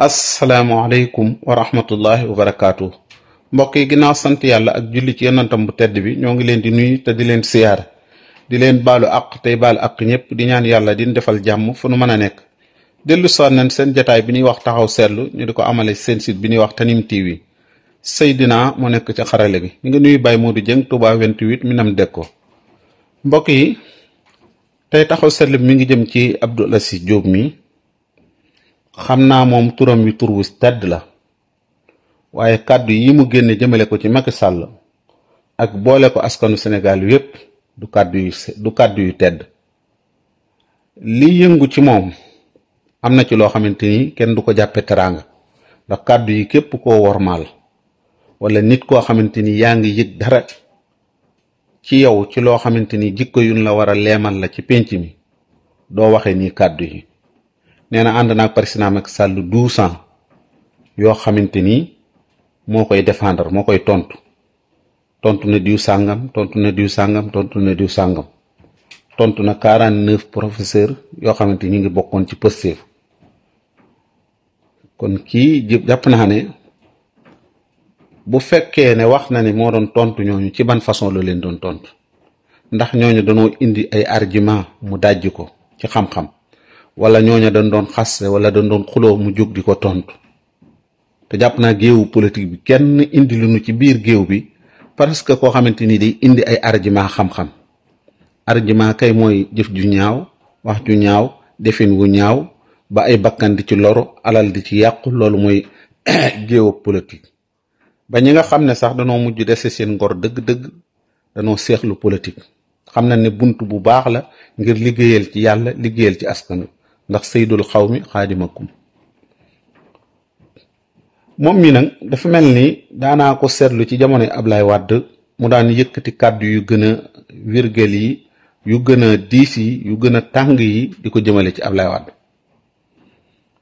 asalaamualeykum wa rahmatullahi wa mbokk yi ginnaaw sant yàlla ak julli ci yonantam bu tedd bi ñoo ngi leen di nuyu te di leen siyaar di leen baalu àq tey baalu àq ñëpp di ñaan yàlla di defal jàmm fu nu mën a nekk. dellu soon seen jataay bi ñuy wax taxaw seetlu ñu di ko amale seen site bi ñuy wax Tanime TV Seydina moo nekk ci xarale gi ñu ngi nuyu Baye Modou Dieng Touba 28 Minam Dekko mbokk yi tey taxaw seetlu mi ngi jëm ci Abdou Aziz mi. xam naa moom turam wi tur wu tedd la waaye kàddu yi mu génne jëmale ko ci Macky Sall ak boole ko askanu Sénégal yépp du kàddu yu du kàddu yu tedd li yëngu ci moom am na ci loo xamante ni kenn du ko jàppe teraanga ndax kàddu yi képp koo wormaal walla nit koo xamante ni yaa ngi yëg dara ci yow ci loo xamante ni jikko yuñ la war a leemal la ci pénc mi doo waxe ni kàddu yi nee na ànd naag président Macky Sall douze ans yoo xamante ni moo koy défendre moo koy tontu tontu na diw sàngam tontu na diw sàngam tontu na diw sàngam tontu na quarante neuf professeurs yoo xamante ñu ngi bokkoon ci Pastef kon kii jàpp naa ne bu fekkee ne wax na ne moo doon tontu ñooñu ci ban façon la leen doon tontu ndax ñooñu dañoo indi ay argument mu dajj ko ci xam-xam. wala ñooña dañ doon xaste wala dañ doon xuloo mu jóg di ko tontu te jàpp naa géewu politique bi kenn indi lu nu ci biir géew bi parce que koo xamante ni day indi ay argument xam-xam argument kay mooy jëf ju ñaaw wax ju ñaaw defin wu ñaaw ba ay bakkan ci loru alal di ci yàqu loolu mooy géewu politique ba ñi nga xam ne sax danoo mujj dese seen ngor dëgg-dëgg danoo seexlu politique xam na ne bunt bu baax la ngir liggéeyal ci yàlla liggéeyal ci askan ndax saydul xawmi xaadimakum moom mi nag dafa mel ni daanaa ko seetlu ci jamono ab Ablaye Wàdd mu daan yëkkati kàddu yu gën a wérgal yi yu gën a diis yi yu gën a tàng yi di ko jëmale ci Ablaye Wàdd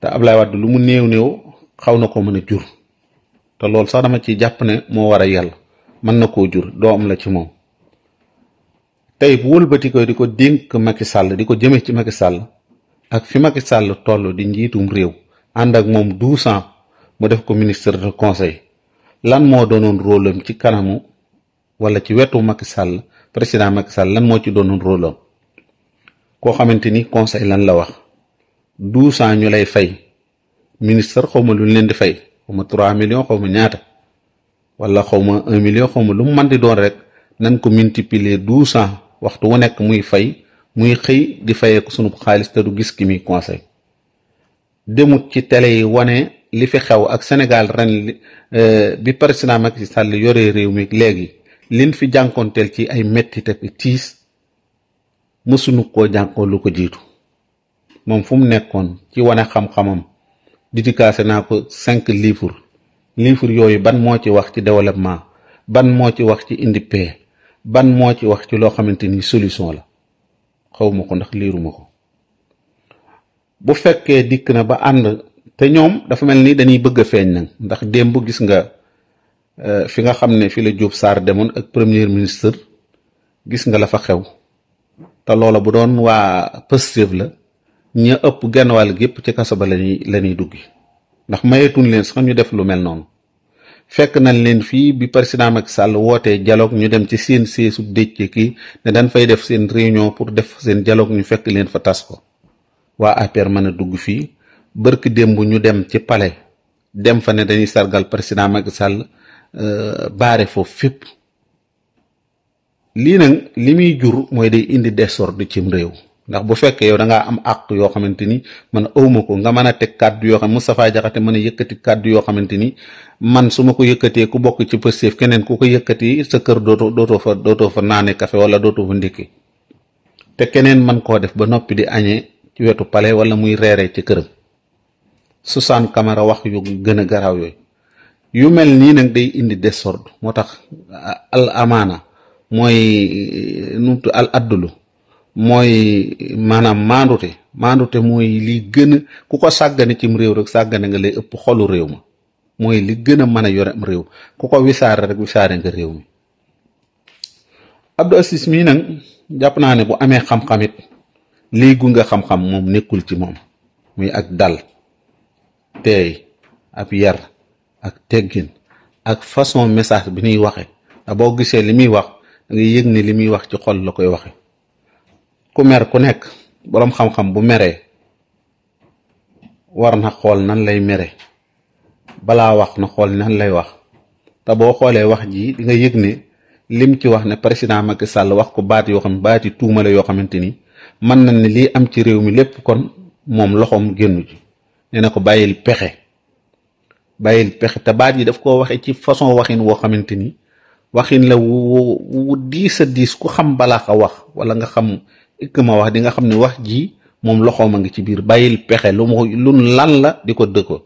te ab lay Wàdd lu mu néew néew xaw na ko mën a jur te loolu sax dama ci jàpp ne moo war a yàlla mën na koo jur doom la ci moom tey bu wëlbati ko di ko dénk Macky Sall di ko jëme ci Macky Sall ak fi Macky Sall toll di njiitum réew ànd ak moom douze ans mu def ko ministre de conseil lan moo doonoon rôle ci kanamu wala ci wetu Macky président Macky Sall lan moo ci doonoon rôle koo xamante ni conseil lan la wax douze ans ñu lay fay ministre xaw ma lu leen di fay xaw ma trois millions xaw ñaata wala xaw ma un million xaw ma lu mu mën di doon rek nan ko multiplier douze waxtu wu nekk muy fay muy xëy di fayeeku sunu xaalis te du gis ki muy conseil demut ci télé yi wane li fi xew ak senegal ren euh, bi président Macky Sall yore réew mi léegi lin fi jànkoonteel ci ay mettit ak tiis mësuñu koo jànkoon lu ko jiitu moom fu mu nekkoon ci wane xam-xamam dédicacé naa ko cinq livres livres yooyu ban moo ci wax ci développement ban moo ci wax ci indi paix ban moo ci wax ci loo xamante ni solution la xawma ko ndax liiruma ko bu fekkee dikk na ba ànd te ñoom dafa mel ni dañuy bëgg a feeñ nag ndax démb gis nga euh, fi nga xam ne fi la Diop saar demoon ak premier ministre gis nga la fa xew te loola bu doon waa Pastef la ña ëpp genn wàll gépp ci kaso ba lañuy la ñuy duggi ndax mayeetuñ leen sax ñu def lu mel noonu fekk nañ leen fii bi président Macky sàll wootee dialogue ñu dem ci seen seesu décc ki ne dañ fay def seen réunion pour def seen dialogue ñu fekk leen fa tas ko waa APR mën a dugg fii bërki démb ñu dem ci pale dem fa ne dañuy sargal président Macky Sall euh, baare foofu fépp lii nag li muy jur mooy day indi désordre cim réew ndax bu fekkee yow da ngaa am àq yoo xamante ni a awma ko nga mën a teg kàddu yoo xam Moustapha Diakhaté mën a yëkkati kàddu yoo xamante ni man su ma ko yëkkatee ku bokk ci Pastef keneen ku ko yëkkati sa kër dootoo dootoo fa dootoo fa naane café wala dootoo fa ndékki te keneen man koo def ba noppi di añee ci wetu palais wala muy reeree ci këram su Susan Camara wax yu gën a garaaw yooyu yu mel nii nag day indi désordre moo tax al amaana mooy numtu al addulu mooy maanaam maandute maandute mooy li gën ku ko sàggane cim réew rek sàggane nga lay ëpp xolu réew ma mooy li gën a mën a yore am réew ku ko wisaare rek wisaare nga réew mi Abdou Aziz mii nag jàpp naa ne bu amee xam-xamit lii gunge xam-xam moom nekkul ci moom muy ak dal teey ab yar ak teggin ak façon message bi ñuy waxee da boo gisee li muy wax da nga yëg ne li muy wax ci xol la koy waxee ku mer ku nekk boroom xam-xam bu meree war na xool nan lay mere balaa wax na xool nan lay wax te boo xoolee wax ji di nga yëg ne lim ci wax ne président Macky Sall wax ko baat yoo xam baat yi tuumale yoo xamante ni mën nañ ne lii am ci réew mi lépp kon moom loxoom génn ji nee na ko bàyyil pexe bàyyil pexe te baat yi daf ko waxee ci façon waxin woo xamante ni waxin la wu wu diis a diis ku xam balaa ko wax wala nga xam que ma wax di nga xam ne wax ji moom loxoom a ngi ci biir bàyyil pexe lu ma lu lan la di ko dëkko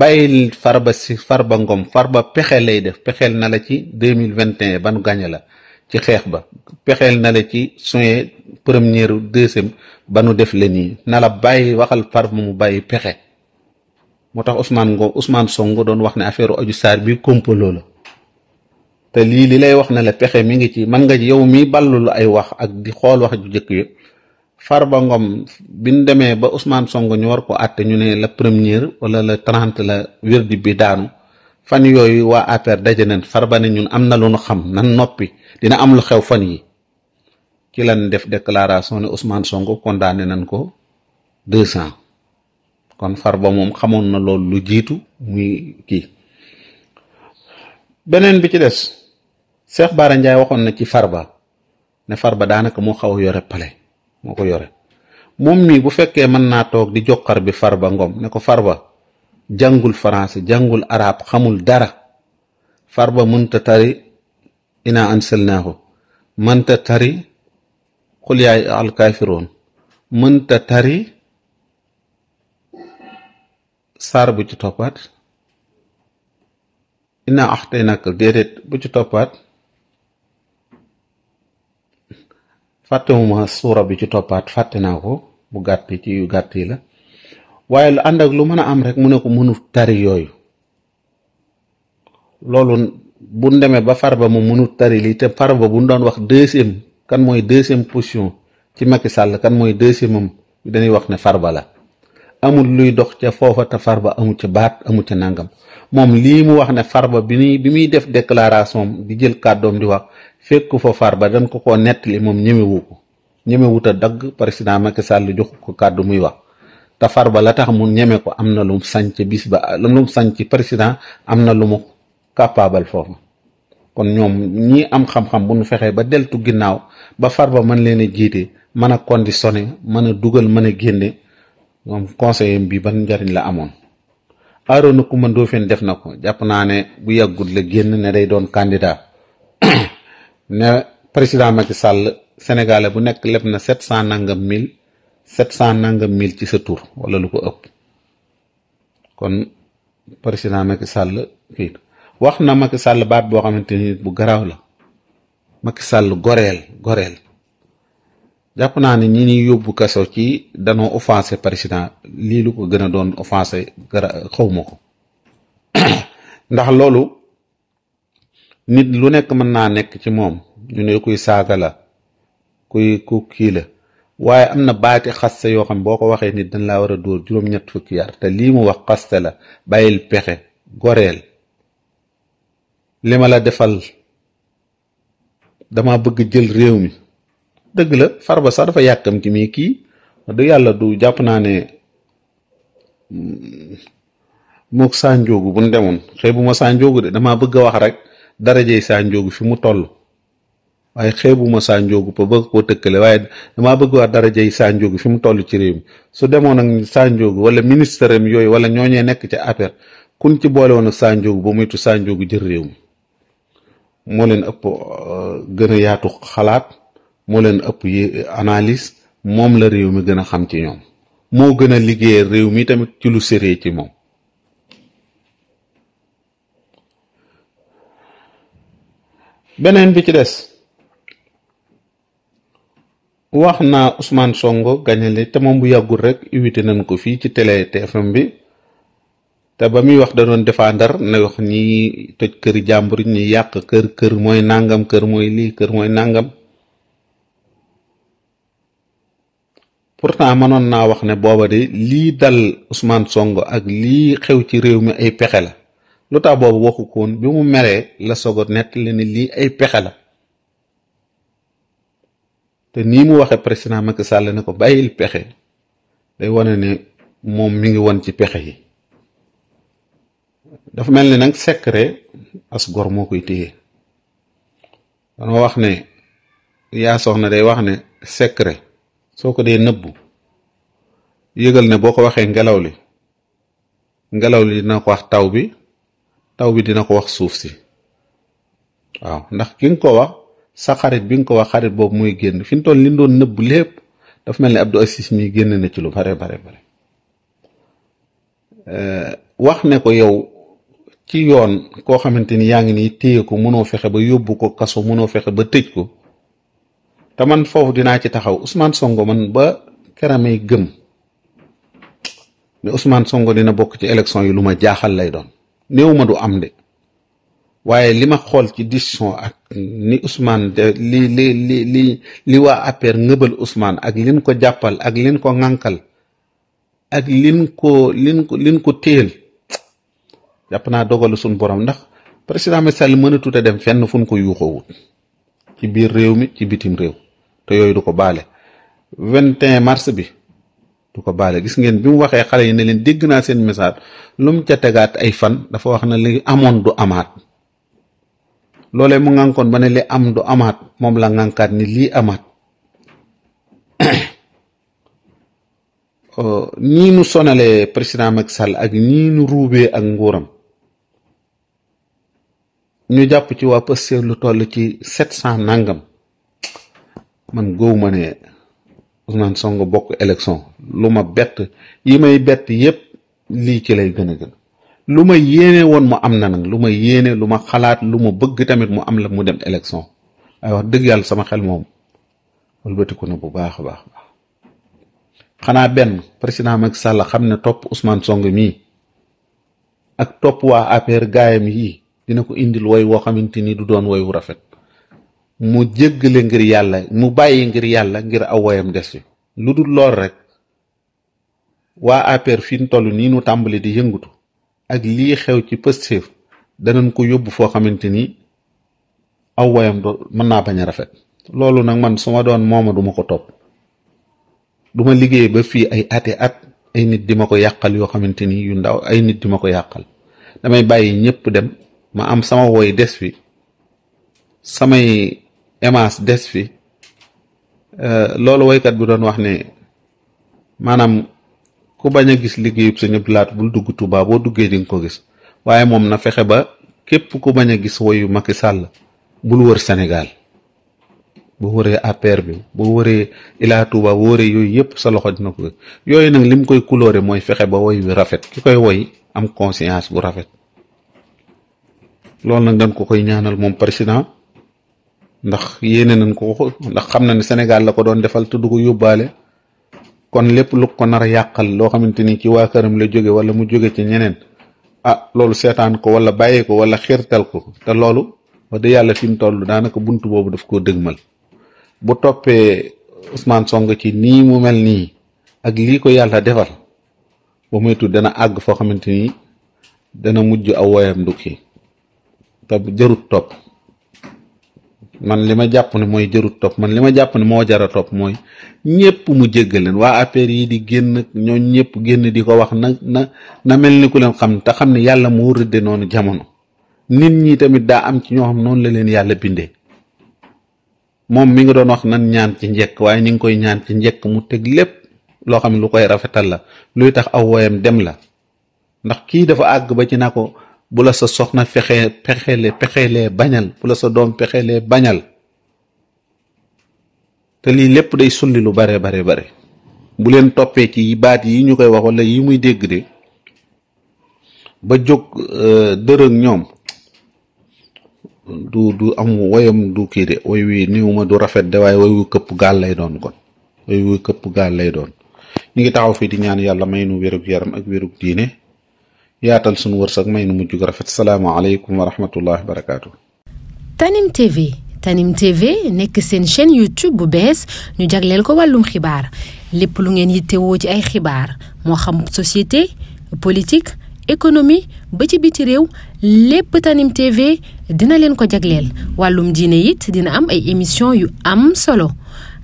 bàyyil farba si ngoom ngom ba pexe lay def pexeel na la ci deux mille vingt et un ba la ci xeex ba pexeel na la ci soin première deuxième ba nu def la nii na la bàyyi waxal farba mu bàyyi pexe moo tax Ousmane Ngom Ousmane Sonko doon wax ne affaire Adji Sarr bi complot la te lii li lay wax ne la pexe mi ngi ci mën nga yow mi ballul ay wax ak di xool wax ju jëkk yi Farba Ngom bi ñu demee ba Ousmane songo ñu war ko àtte ñu ne la première wala la trente la wérdi bi daanu fan yooyu waa APR daje far ba ne ñun am na lu ñu xam nan noppi dina am lu xew fan yi ci lan def déclaration ne Ousmane Sonko condamné nañ ko deux cent kon Farba moom xamoon na loolu lu jiitu muy kii beneen bi ci des Cheikh Bara Ndiaye waxoon na ci far Farba ne Farba daanaka moo xaw a yore pale moo ko yore moom mii bu fekkee mën naa toog di joxar bi far Farba Ngom ne ko Farba jàngul français jàngul arab xamul dara far ba mënta tari ina anselnaahu mënta tari xul yaay alkaafiroon mënta tari saar bu ci toppaat ina axtay nakal déedéet bu ci toppaat fàttewuma suura bi ci toppaat fàtte naa ko bu gàtt ci yu gàtt yi la waaye lu ànd ak lu mën a am rek mu ne ko mënu tari yooyu loolu bu demee ba far ba mu mënu tari lii te far ba bu ñu doon wax deuxième kan mooy deuxième position ci Macky Sall kan mooy deuxième am dañuy wax ne far ba la amul luy dox ca foofa te far ba amu ca baat amu ca nangam moom lii mu wax ne far ba bi muy bi muy def déclaration di jël kàddoom di wax fekk fa far ba dañ ko koo nettali moom ñemewu ko ñemewu ta dagg président Macky Sall jox ko kàddu muy wax te far ba la tax mu ñeme ko am na lu mu sañ ci bis ba lu mu sañ ci président am na lu mu capable foofu kon ñoom ñii am xam-xam bu ñu fexee ba deltu ginnaaw ba far ba mën leen a jiite mën a conditionné mën a dugal mën a génne moom conseiller bi ban njariñ la amoon ku mën doo feen def na ko jàpp naa ne bu yàggut la génn ne day doon candidat ne président Macky Sall sénégalais bu nekk leb na sept cent nangam mille sept cent nangam mille ci sa tour walla lu ko ëpp kon président Macky Sall kii wax na Macky Sall baat boo xamante ni bu garaaw la Macky Sall goreel goreel jàpp naa ne ñi ñuy yóbbu kaso ci danoo offensé président lii lu ko gën a doon offensé gara xaw ko ndax loolu nit lu nekk mën naa nekk ci moom ñu ne kuy saaga la kuy ku kii la waaye am na baati xaste yoo xam boo ko waxee nit dañ laa war a dóor juróom-ñett fukki yar te lii mu wax xaste la bàyyil pexe goreel li ma la defal dama bëgg jël réew mi dëgg la Farba sax dafa yàkkam ci mii kii wax dëgg yàlla du jàpp naa ne mm, mook Sanjoogu bu ñu demoon xëy bu ma Sanjoogu de damaa bëgg a wax rek darajey saa njóogu fi mu toll waaye xeebuma saa njóogu ba bëgg koo tëkkale waaye damaa bëgg waa darajey saa njóogu fi mu toll ci réew mi su demoon ak saa njóogu wala ministère am yooyu wala ñooñee nekk ca affaire kun ci boole woon ak saa njóogu ba muytu saa njóogu jël réew mi moo leen ëpp euh, gën a yaatu xalaat moo leen ëpp yi analyse moom la réew mi gën a xam ci ñoom moo gën a liggéeyal réew mi tamit ci lu séree ci moom beneen bi ci des wax naa Ousmane Sonko gañale te moom bu yàggul rek invité nañ ko fii ci télé TFM bi te ba muy wax da doon défendre ne wax ñi toj kër jàmbur ñi yàq kër kër mooy nangam kër mooy lii kër mooy nangam pourtant mënoon naa wax ne booba de lii dal Ousmane Sonko ak lii xew ci réew mi ay pexe la lu tax boobu waxu bi mu meree la sogo nett le ne lii ay pexe la te nii mu waxe président Macky sàll ne ko bàyyil pexe day wane ne moom mi ngi won ci pexe yi dafa mel ni nag secret as gor moo koy téye danoo wax ne yaa na day wax ne secret soo ko dee nëbbu yëgal ne boo ko waxee ngelaw li ngelaw li dina ko wax taw bi taw bi dina ko wax suuf si waaw ndax ki nga ko wax sa xarit bi nga ko wax xarit boobu muy génn fi mu toll li doon nëbb lépp dafa mel ni Abdou Aziz mi génn na ci lu bare bare bare eh, wax ne ko yow ci yoon koo xamante ni yaa ngi nii téye ko mënoo fexe ba yóbbu ko kaso mënoo fexe ba tëj ko te man foofu dinaa ci taxaw Ousmane songo man ba keramay gëm mais Ousmane Sonko dina bokk ci élection yi lu ma jaaxal lay doon néew ma du am de waaye li ma xool ci décision ak ni Ousmane li li li li li waa APR ngëbal Ousmane ak lin ko jàppal ak lin ko ŋànkal ak lin ko lin ko lin ko téyel jàpp naa dogalu suñ borom ndax président Macky Sall mënatut a dem fenn fun ñu ko yuuxoowut ci biir réew mi ci bitim réew te yooyu du ko baale 21 mars bi du ko baale gis ngeen bi mu waxee xale yi ne leen dégg naa seen message lu mu ca tegaat ay fan dafa wax na li amoon du amaat loolee mu ngànkoon ba ne li am du amaat moom la ngànkaat ni lii amaat ñii oh, nu sonalee président Macky Sall ak ñii nu ruubee ak nguuram ñu jàpp ci waa Pastef lu toll ci sept cent nangam man góow ne Ousmane Sonko bokk élection lu ma bett yi may bett yépp lii ci lay gën a gën lu ma yéene woon mu am na nag lu ma yéene lu ma xalaat lu ma bëgg tamit mu am la mu dem élection ay wax dëgg yàlla sama xel moom wëlbatiku na bu baax a baax baax xanaa benn président mag Sall xam ne topp Ousmane Sonko mii ak topp waa APR gaayam yii dina ko indil woy woo xamante ni du doon woy wu rafet mu jéggale ngir yàlla mu bàyyi ngir yàlla ngir aw woyam des fi lu dul lool rek waa APR fi ñu toll nii nu tàmbali di yëngatu ak lii xew ci Pastef danañ ko yóbbu foo xamante ni aw woyam mën naa bañ a rafet loolu nag man su ma doon mooma duma ko topp duma liggéey ba fii ay ati at ay nit di ma ko yàqal yoo xamante ni yu ndaw ay nit di ma ko yàqal damay bàyyi ñëpp dem ma am sama woy des fi samay émence des fi euh, loolu woykat bi doon wax ne maanaam ku bañ a gis liggéeyub Sëñ Abdou Lahat bul dugg Touba boo duggee di nga ko gis waaye moom na fexe ba képp ku bañ a gis woyu Macky Sall bul wër Sénégal boo wëree APR bi bu wëree Ila Touba bu wëree yooyu yëpp sa loxo dina ko yooyu nag lim koy couleur mooy fexe ba woy wi rafet ki koy woy am conscience bu rafet loolu nag dañ ko koy ñaanal moom président ndax yéene nañ ko ndax xam na ne Sénégal la ko doon defal te du ko yóbbaale kon lépp lu ko nar a yàqal loo xamante ni ci waa këram la jóge wala mu jóge ci ñeneen ah loolu seetaan ko wala bàyyi ko wala xiirtal ko te loolu wax dëgg yàlla fi mu toll daanaka bunt boobu daf koo dëgmal bu toppee Ousmane song ci nii mu mel nii ak lii ko yàlla defal ba moytu dana àgg foo xamante ni dana mujj aw woyam du kii te jarut topp. man li ma jàpp ne mooy jërut topp man li ma jàpp ne moo jara topp mooy ñëpp mu jéggal leen waa affaire yi di génn ñooñ ñëpp génn di ko wax na na na mel ni ku leen xam ne te xam ne yàlla moo rëdde noonu jamono nit ñi tamit daa am ci ñoo xam noonu la leen yàlla bindee moom mi ngi doon wax nan ñaan ci njëkk waaye ñu ngi koy ñaan ci njëkk mu teg lépp loo xam lu koy rafetal la luy tax aw woyam dem la ndax kii dafa àgg ba ci na ko bu la sa soxna fexee pexele pexelee bañal bu la sa doom pexelee bañal te lii lépp day sulli lu bare bare bare bu leen toppee ci baat yi ñu koy wax wala yi muy dégg de ba jóg euh, dërëg ñoom du du am woyam du kii de woy wi néew ma du rafet de waaye woy wu këpp gaal lay doon kon woy wu këpp gaal lay doon ñu ngi taxaw fii di ñaan yàlla may nu wérug yaram ak wérug diine yaatal sunu wërsëg may nu mujj gu rafet salaamaaleykum wa rahmatullahi wa barakaatu. Tanim TV Tanim TV nekk seen chaîne YouTube bu bees ñu jagleel ko wàllum xibaar lépp lu ngeen yittewoo ci ay xibaar moo xam société politique économie ba ci biti réew lépp Tanim TV dina leen ko jagleel wàllum diine it dina am ay émission yu am solo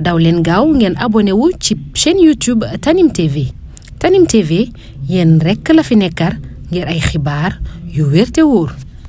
daw leen gaaw ngeen abonné wu ci chaîne YouTube Tanim TV Tanim TV yéen rekk la fi nekkar ngir ay xibaar yu wér te wóor